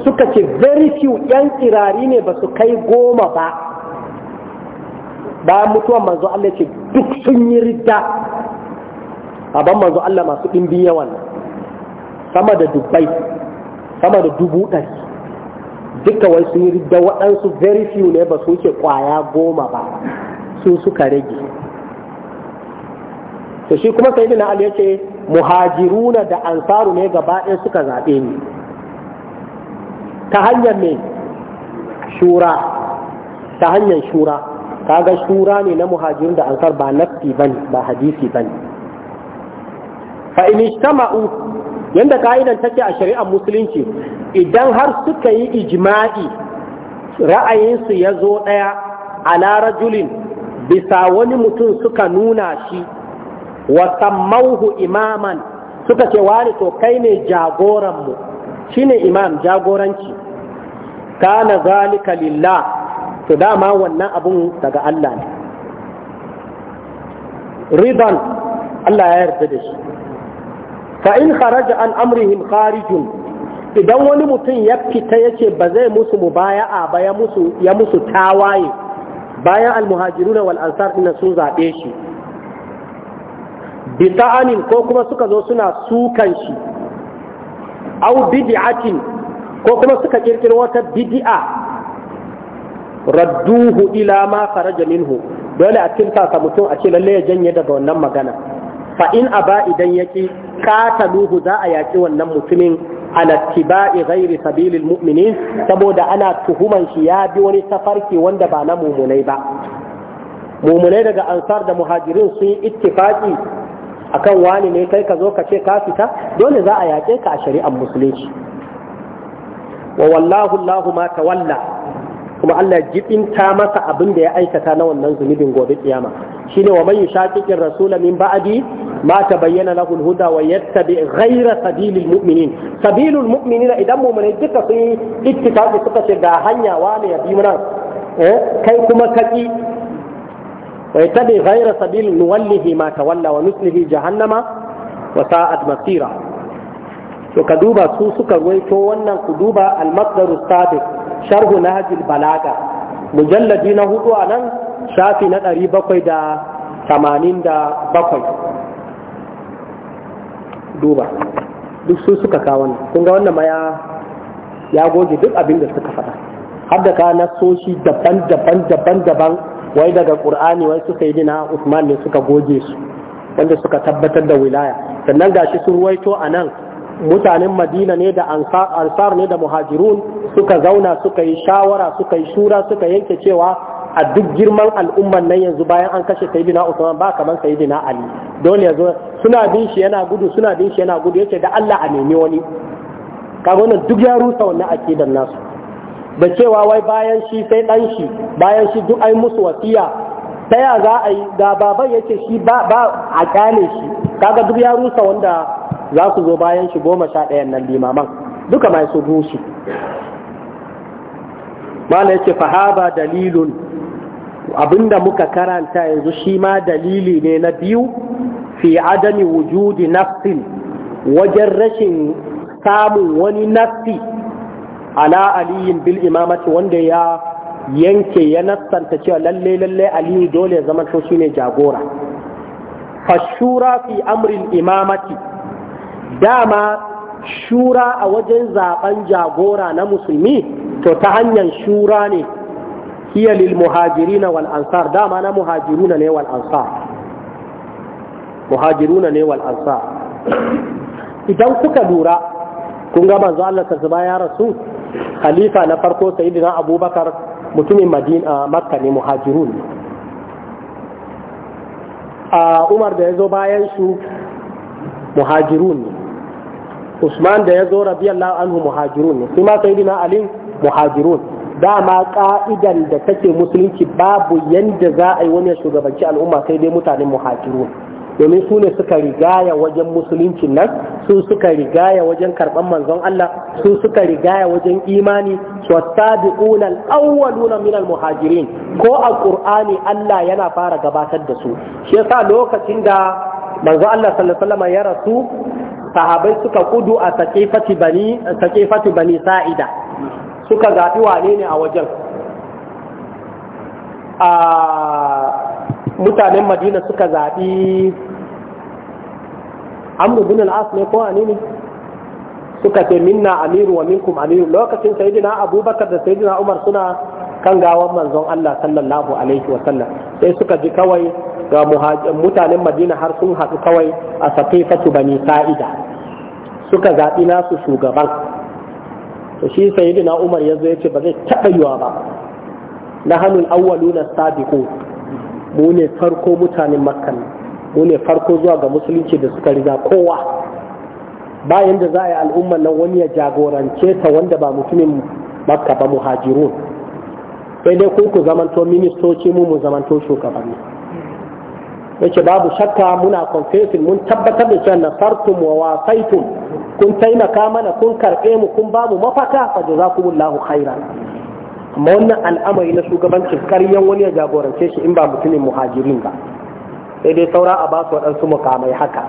suka ce very few yan kirari ne ba su kai goma ba bayan mutuwan manzo Allah ce duk sun yi ridda sahabban manzo Allah masu dimbin yawan sama da dubbai sama da dubu ɗari duka wai sun yi ridda waɗansu very few ne ba su wuce kwaya, goma ba su suka rage to shi kuma sayyidina ali yake muhajiruna da ansaru ne gaba ɗaya suka zaɓe ni ta hanyar me shura ta hanyar shura kaga shura ne na muhajirun da ansar ba nafsi bane ba hadisi bane fa in ijtama'u yanda ka'idan take a shari'ar musulunci idan har suka yi ijma'i ra'ayinsu ya zo ɗaya ala rajulin bisa wani mutum suka nuna shi wa sammauhu imaman suka ce wani to kai ne jagoranmu shine imam jagoranci na zalika lillah to dama wannan abun daga Allah ne Allah ya yarda da shi fa in kharaja an amrihim kharijun idan wani mutum ya fita yace ba zai musu mubaya'a ba ya musu ya musu tawaye bayan almuhajiruna wal ansar din sun zaɓe shi bi ta'anin ko kuma suka zo suna sukan shi au bid'atin ko kuma suka kirkiro wata bid'a radduhu ila ma faraja minhu dole a tinta mutum a ce lalle ya janye daga wannan magana fa in aba idan yaki kataluhu za a yaki wannan mutumin ala tibai ghairi sabilil mu'minin saboda ana tuhuman shi ya bi wani tafarki wanda ba na mumunai ba mumunai daga ansar da muhajirin sun yi ittifaki akan wani ne kai ka zo ka ce ka fita dole za a yaƙe ka a shari'ar musulunci wa wallahu Allahu ma tawalla kuma Allah jibinta masa abin da ya aikata na wannan zunubin gobe kiyama shine wa man yushaqiqir rasula min ba'di ma tabayyana lahu al-huda wa yattabi ghayra sabilil mu'minin sabilul mu'minina idan mu'minai duka sun ittifaqi suka ce ga hanya wani ya bi mana eh kai kuma kaki ويتبع غير سبيل نوله ما تولى ونسله جهنم وساءت مصيرا duba سوسك رويتو ونن na المصدر السابق شرح نهج البلاغة مجلدين هدو أنا شافي نتري bakwai دا ثمانين دا bakwai. دوبا duk su suka kawo wannan kun ga wannan ma ya goge duk abin suka fada har da ka nasoshi daban-daban daban-daban wai daga qur'ani wai suka yi dina usman ne suka goge su wanda suka tabbatar da wilaya sannan gashi sun ruwaito a nan mutanen madina ne da ansar ne da muhajirun suka zauna suka yi shawara suka yi shura suka yanke cewa a duk girman al'umman nan yanzu bayan an kashe sayyidina usman ba kamar sayyidina ali dole yazo suna bin shi yana gudu suna bin shi yana gudu yace da Allah a nemi wani kaga wannan duk ya rusa wannan akidan nasu da cewa wai bayan shi sai dan shi bayan shi duk ai musu wasiya ta ya za a yi ga baban yake shi ba a kyale shi kaga duk ya rusa wanda za su zo bayan shi goma sha ɗayan nan limaman duka mai su gushi mala yake fahaba dalilun abinda muka karanta yanzu shi ma dalili ne na biyu fi adami wujudi nafsin wajen rashin samun wani nafsi ala aliyin bil imamati wanda ya yanke ya nassanta cewa lalle lalle aliyu dole ya zama to shine jagora fashura fi amrin imamati dama shura a wajen zaben jagora na musulmi to ta hanyar shura ne hiya lil muhajirina wal ansar dama na muhajiruna ne wal ansar muhajiruna ne wal ansar idan kuka lura kun ga manzo Allah ta zuba ya rasu khalifa na farko sayyidina abubakar mutumin madina ah, makka ne muhajirun a ah, umar da ya zo bayan su muhajirun usman da ya zo radiyallahu anhu muhajirun ne kuma ma sayyidina ali muhajirun dama ka'idan da take musulunci babu yanda za a yi wani shugabanci al'umma sai dai mutanen muhajirun domin su ne suka rigaya wajen musuluncin nan su suka rigaya wajen karɓar manzon Allah su suka rigaya wajen imani wasabiqun al-awwaluna min muhajirin ko a ƙur'ani Allah yana fara gabatar da su shi yasa lokacin da manzon Allah sallallahu ya rasu sahabai suka kudu a saqifati bani bani sa'ida suka zaɓi wane ne a wajen a mutanen madina suka zaɓi amru bin al al'as ne ko anini suka ce minna amiru wa minkum amiru lokacin sayyidina abubakar da sayyidina umar suna kan gawan manzon Allah sallallahu alaihi wa sallam sai suka ji kawai ga mutanen madina har sun haɗu kawai a safifatu bani sa'ida suka zaɓi nasu shugaban to shi sayyidina umar yazo zo ya ce ba zai taɓa yiwa ba na hannun awwaluna sabiqun mu ne farko mutanen makka mu ne farko zuwa ga musulunci da suka riga kowa bayan da za a yi al'ummar nan wani ya jagorance ta wanda ba mutumin makka ba muhajirun sai dai ku ku zamanto ministoci mu mu zamanto shugabanni yace babu shakka muna confessing mun tabbatar da cewa nasartum wa wasaitum kun taimaka mana kun karbe mu kun babu mafaka fa jazakumullahu khairan amma wannan al'amari na shugabancin karyan wani ya jagorance shi in ba mutumin muhajirin ba sai dai saura a ba su waɗansu mukamai haka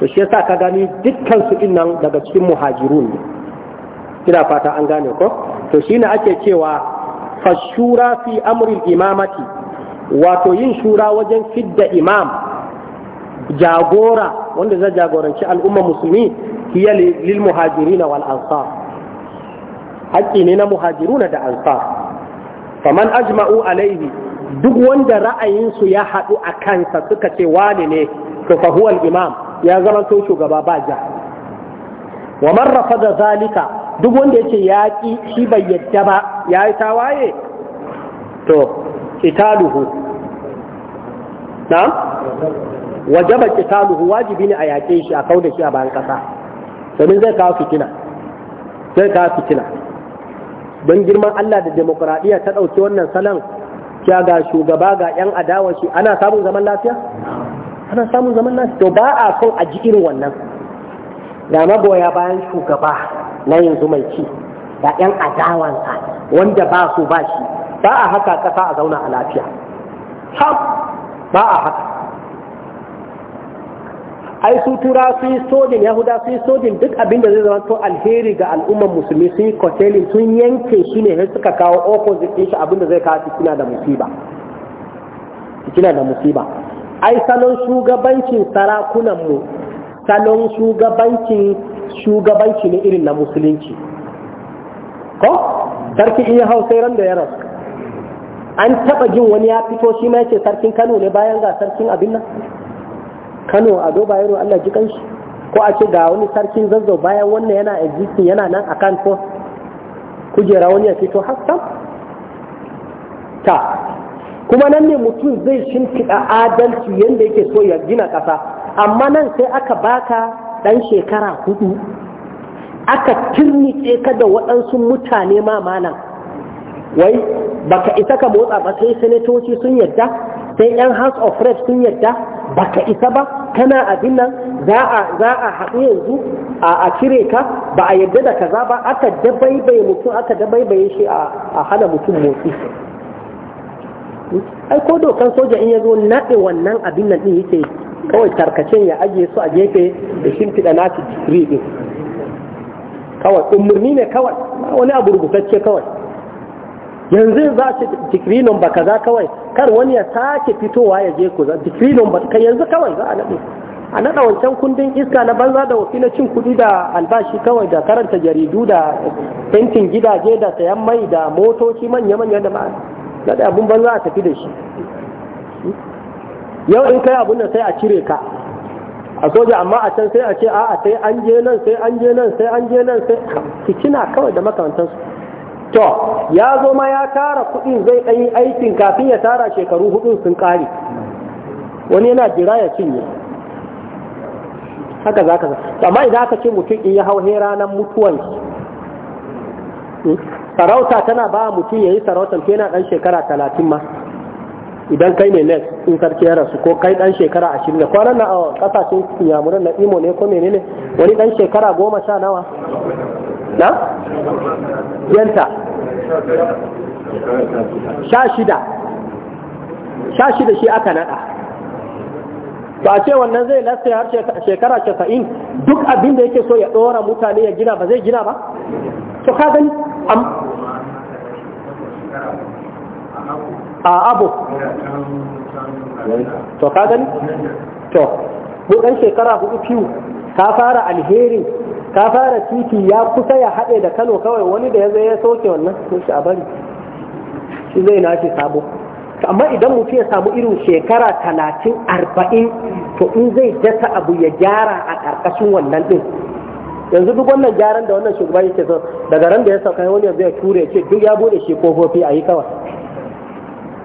to shi yasa ka gani dukkan su nan daga cikin muhajirun ne ina fata an gane ko to shine ake cewa fashura fi amrin imamati wato yin shura wajen fidda imam jagora wanda zai jagoranci al'umma musulmi hiya lil muhajirin wal ansar haƙƙi ne na muhajiruna da ansar faman ajma'u alaihi duk wanda ra'ayinsu ya haɗu a kansa suka ce wani ne to fa imam ya zama to shugaba ba ja wa marrafa da zalika duk wanda ce ya ƙi shi bai yadda ba ya yi tawaye to italuhu na wajaba italuhu wajibi ne a yaƙe shi a kauda shi a bayan ƙasa domin zai kawo fitina zai kawo fitina don girman Allah da demokuraɗiyya ta ɗauki wannan salon ya ga shugaba ga 'yan adawa shi ana samun zaman lafiya? ana samun zaman lafiya to ba a son a ji irin wannan ga magoya bayan shugaba na yanzu mai ci ga 'yan adawansa wanda ba su ba shi ba a haka ƙasa a zauna a lafiya ba a haka ai su tura su yi sojin yahuda su yi sojin duk abin da zai zama to alheri ga al'ummar musulmi sun yi kotelin sun yanke shi ne har suka kawo opposite din shi abin da zai kawo fitina da musiba da musiba ai salon shugabancin sarakunan mu salon shugabancin shugabanci ne irin na musulunci ko sarki iya hausa ran da ya rasu an taba jin wani ya fito shi ma ce sarkin Kano ne bayan ga sarkin abin nan kano a doba yaro allah ji kanshi ko a ce ga wani sarkin zazzau bayan wannan yana existing yana nan a kan ko kujera wani ya fito hassan ta kuma nan ne mutum zai shimfiɗa adalci yadda yake so ya gina ƙasa amma nan sai aka baka ɗan shekara hudu aka turnice ka da waɗansu mutane ma malam wai baka isa ka motsa ba sai sanatoci sun yadda sai yan house of reps sun yadda baka isa ba kana abin nan za a haɗu yanzu a cire ka ba a yadda da kaza ba aka dabaibaye mutum aka dabaibaye shi a hana mutum motsi ai ko dokan soja in ya zo naɗe wannan abin nan ɗin yake kawai tarkacen ya ajiye su a gefe da shimfiɗa nasu jikiri ɗin kawai umarni ne kawai wani abu rubutacce kawai yanzu za shi digiri number kaza kawai kar wani ya sake fitowa ya je kuza digiri number kai yanzu kawai za a naɗe a naɗa wancan kundin iska na banza da wafi na cin kuɗi da albashi kawai da karanta jaridu da fentin gidaje da sayan mai da motoci manya-manya da ma'a naɗa abin banza a tafi da shi yau in kai abin da sai a cire ka a soja amma a can sai a ce a, a sai an je nan sai an je nan sai an je nan sai kicina kawai da makamantansu to ya zo ma ya tara kuɗin zai ɗanyi aikin kafin ya tara shekaru hudu sun ƙare wani yana jira ya cinye haka za ka amma idan aka ce mutum in ya hau he ranar mutuwan hmm, sarauta tana ba mutum ya yi sarautar ke na ɗan shekara talatin ma idan kai ne ne in sarki ya rasu ko kai ɗan shekara ashirin ne kwanan na a ƙasashen yamuran na imo ne ko menene wani ɗan shekara goma sha nawa na yanta sha shida sha shida shi aka nada ba ce wannan zai lasta har shekara casa'in duk abin da yake so ya ɗora mutane ya gina ba zai gina ba to ka gani a abu to ka gani to buɗan shekara hudu fiye ka fara alherin ka fara titi ya kusa ya haɗe da kano kawai wani da ya zai ya soke wannan shi a bari shi zai shi sabo amma idan mutum ya samu irin shekara talatin arba'in to in zai dasa abu ya gyara a ƙarƙashin wannan ɗin yanzu duk wannan gyaran da wannan shugaban yake so daga ran da ya sauka wani yanzu ya ture ce duk ya bude shi kofofi a yi kawai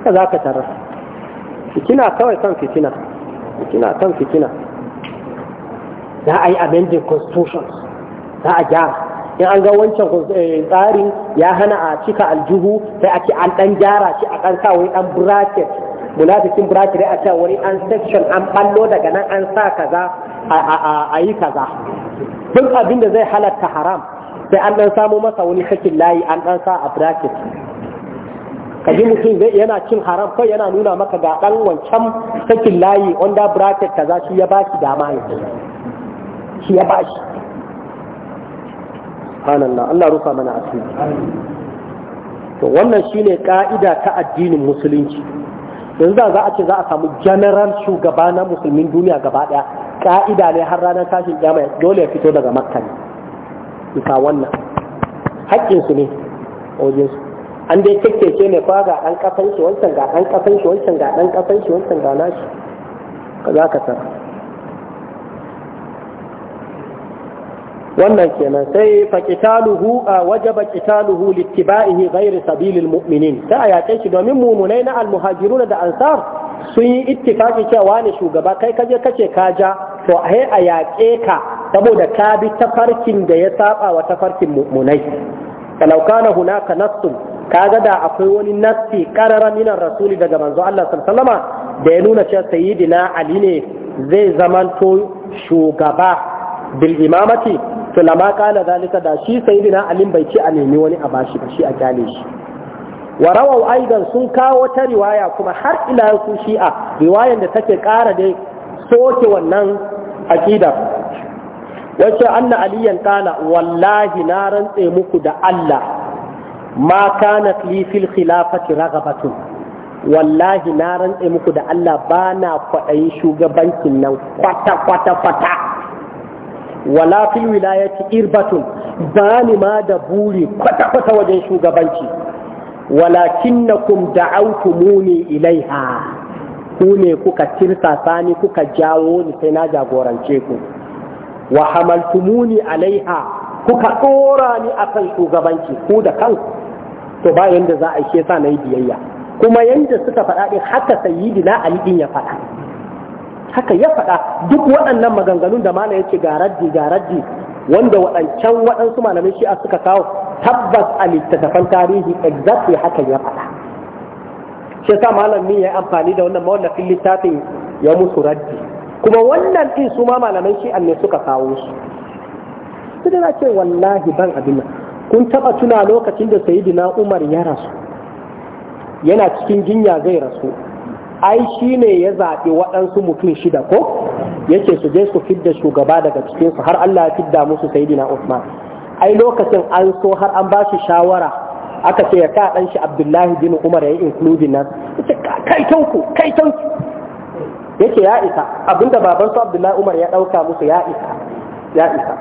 ka za ka tarra. fitina kawai kan fitina fitina kan fitina za a yi amending constitutions za a gyara in an ga wancan eh, tsarin ya hana a cika aljihu sai a ce an dan gyara shi a kan kawai dan bracket munafikin bracket a ce wani an section an ballo daga nan an sa kaza a yi kaza duk abin da zai halatta haram sai an dan samo masa wani sakin layi an dan sa a bracket kaji mutum zai yana cin haram kai yana nuna maka ga dan wancan sakin layi under bracket kaza shi ya bashi dama ne shi ya bashi subhanallah Allah rufa mana asiri to wannan shine ka'ida ta addinin musulunci yanzu za a ce za a samu general shugaba na musulmin duniya gaba daya ka'ida ne har ranar tashin kiyama dole ya fito daga makka ne bisa wannan haƙƙin su ne ojin su an dai kekkece ne fa ga dan kasan shi wancan ga dan kasan shi wancan ga dan kasan shi wancan ga nashi kaza ka tsara wannan kenan sai fa qitaluhu wajaba qitaluhu littiba'ihi ghairi sabilil mu'minin ta ayace shi domin mumunai na almuhajiruna da ansar sun yi ittifaki cewa ne shugaba kai kaje kace kaja to ai a yaƙe ka saboda ka bi tafarkin da ya saba wa tafarkin mumunai falau kana hunaka nassun kaga da akwai wani nassi qarara minar rasuli daga manzo Allah sallallahu alaihi da ya nuna cewa sayyidina ali ne zai zamanto shugaba bil imamati to lama kana zalika da shi sayyidina ali bai ce a nemi wani a bashi ba shi a kyale shi wa aidan sun kawo ta riwaya kuma har ila su shi'a riwayar da take kara da soke wannan aqida Wace anna aliyan kana wallahi na rantse muku da Allah ma kanat li fil khilafati raghabatun wallahi na rantse muku da Allah bana kwaɗayi shugabancin nan kwata kwata kwata wala fil wilayati irbatun ba ni ma da buri kwata-kwata wajen shugabanci walakinnakum da'awtumuni ilaiha ku ne kuka tirsa Sani kuka jawo ni sai na jagorance ku wa hamaltumuni alaiha kuka dora ni akan shugabanci ku da kanku to ba yanda za a yi sa na yi biyayya kuma yanda suka faɗa ɗin haka sayyidina ali din ya faɗa haka ya faɗa duk waɗannan maganganun da mana yake ga raddi ga raddi wanda waɗancan waɗansu malamai shi'a suka kawo tabbas a littattafan tarihi exactly haka ya faɗa shi sa malamin ya yi amfani da wannan mawallafin littafin ya musu raddi kuma wannan ɗin su ma malamai shi'an ne suka kawo su su da ce wallahi ban abin nan kun taɓa tuna lokacin da sayidina umar ya rasu yana cikin jinya zai rasu ai shi ne ya zaɓi waɗansu mutum shida ko yake su je su fidda shugaba daga cikinsu har Allah ya fidda musu sayidina Usman ai lokacin an so har an ba shi shawara aka ce ya ka ɗan shi Abdullahi bin Umar ya yi including nan yace kai tanku kai tanku yace ya isa abinda baban su Abdullahi Umar ya ɗauka musu ya isa ya isa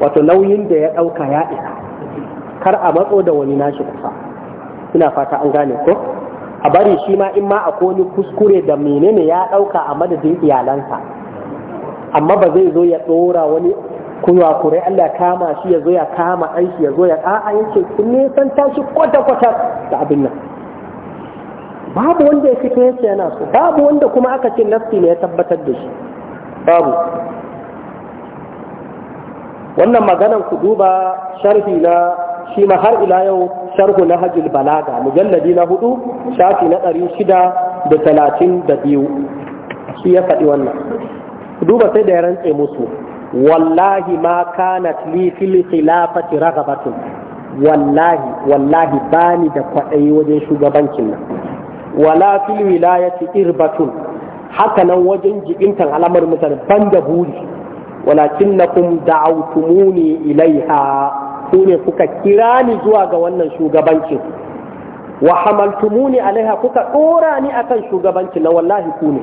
wato nauyin da ya ɗauka ya isa kar a matso da wani nashi kusa ina fata an gane ko a bari shi ma in ma a koni kuskure da menene ya ɗauka a madadin iyalansa amma ba zai zo ya ɗora wani kunwa kure Allah ya kama shi ya zo ya kama an shi ya zo ya a'a ce kun nisan tashi kwata kwata da abin nan babu wanda ya fito yace yana so babu wanda kuma aka ce nafsi ne ya tabbatar da shi babu wannan maganan ku duba sharhi na shi ma har ila yau sharhu na hajjul balaga mujalladi na hudu shafi na ɗari shida da talatin da biyu shi ya faɗi wannan duba sai da ya rantse musu wallahi ma kanat li fil khilafati raghabatun wallahi wallahi bani da kwaɗayi wajen shugabancin nan wala fil wilayati irbatun haka nan wajen jibintan alamar mutane ban da buri walakin na kum ilaiha ku ne kuka kira ni zuwa ga wannan shugabancin wa hamaltumuni alaiha kuka dora ni akan shugabancin na wallahi ku ne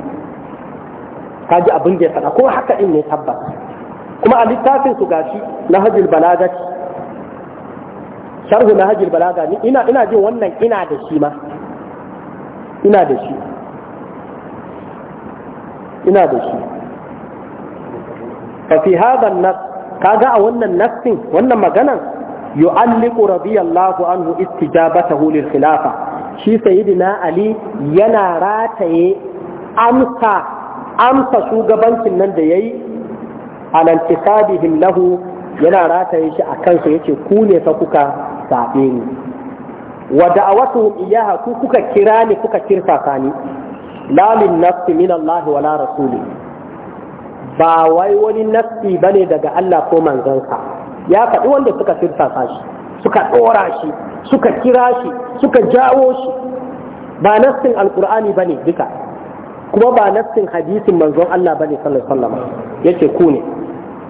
kaji abin da ya faɗa ko haka in ne tabbas kuma a littafin su gashi na hajjil balagati sharhu na hajjil balaga ni ina ina jin wannan ina da shi ma ina da shi ina da shi fa fi hadha an-nas kaga a wannan nassin wannan maganan yu'alliqu radiyallahu anhu istijabatahu lil khilafa shi sayyidina ali yana rataye amsa amsa shugabancin nan da yayi ala intisabihim lahu yana rataye shi a kansa yace ku ne fa kuka zabe ni wa da'awatuhum iyyaha ku kuka kira ni kuka kirsa ni la lin nafsi min Allah wala rasuli ba wai wani nafsi bane daga Allah ko manzansa ya faɗi wanda suka tirsasa shi suka ɗora shi suka kira shi suka jawo shi ba nassin Alƙur'ani ba ne duka kuma ba nassin hadisin manzon Allah ba ne sallallahu alaihi wasallam yace ku ne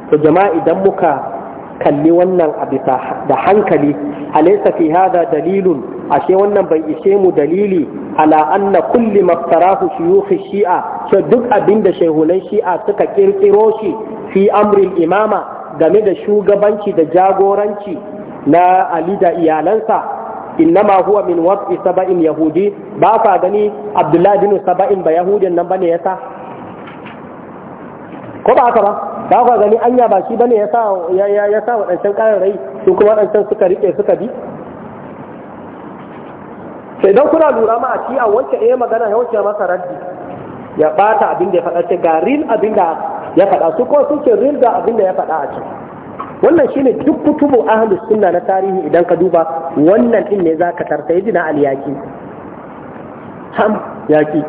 to jama'a idan muka kalli wannan a da hankali alaysa fi hada dalilun ashe wannan bai ishe mu dalili ala anna kulli maftarahu shuyukh shi'a ce duk abinda shehunan shi'a suka kirkiro shi fi amrin imama game da shugabanci da jagoranci na ali da iyalansa innama huwa min wad'i saba'in yahudi ba ka gani abdullahi bin saba'in ba yahudin nan bane yasa ko ba haka ba ba ku gani anya ba shi bane ya sa ya sa waɗancan ƙarin rai su kuma waɗancan suka riƙe suka bi sai don kuna lura ma a ci a wancan ɗaya eh, magana ya wancan masa raddi ya ɓata abin da ya faɗa ce ga ril abin da ya faɗa su ko suke ril ga abin da ya faɗa a ce? wannan shine duk kutubu ahlus sunna na tarihi idan ka duba wannan din ne zaka tarsa yidina al yaki ham yaki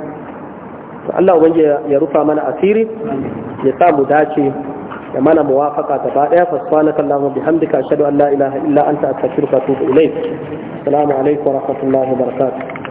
Allah bangi ya rufa mana asiri ya sa mu dace ya mana muwafaka gaba daya fa subhanaka allahumma bihamdika ashhadu an la ilaha illa anta astaghfiruka wa atubu ilaik assalamu alaikum wa rahmatullahi wa barakatuh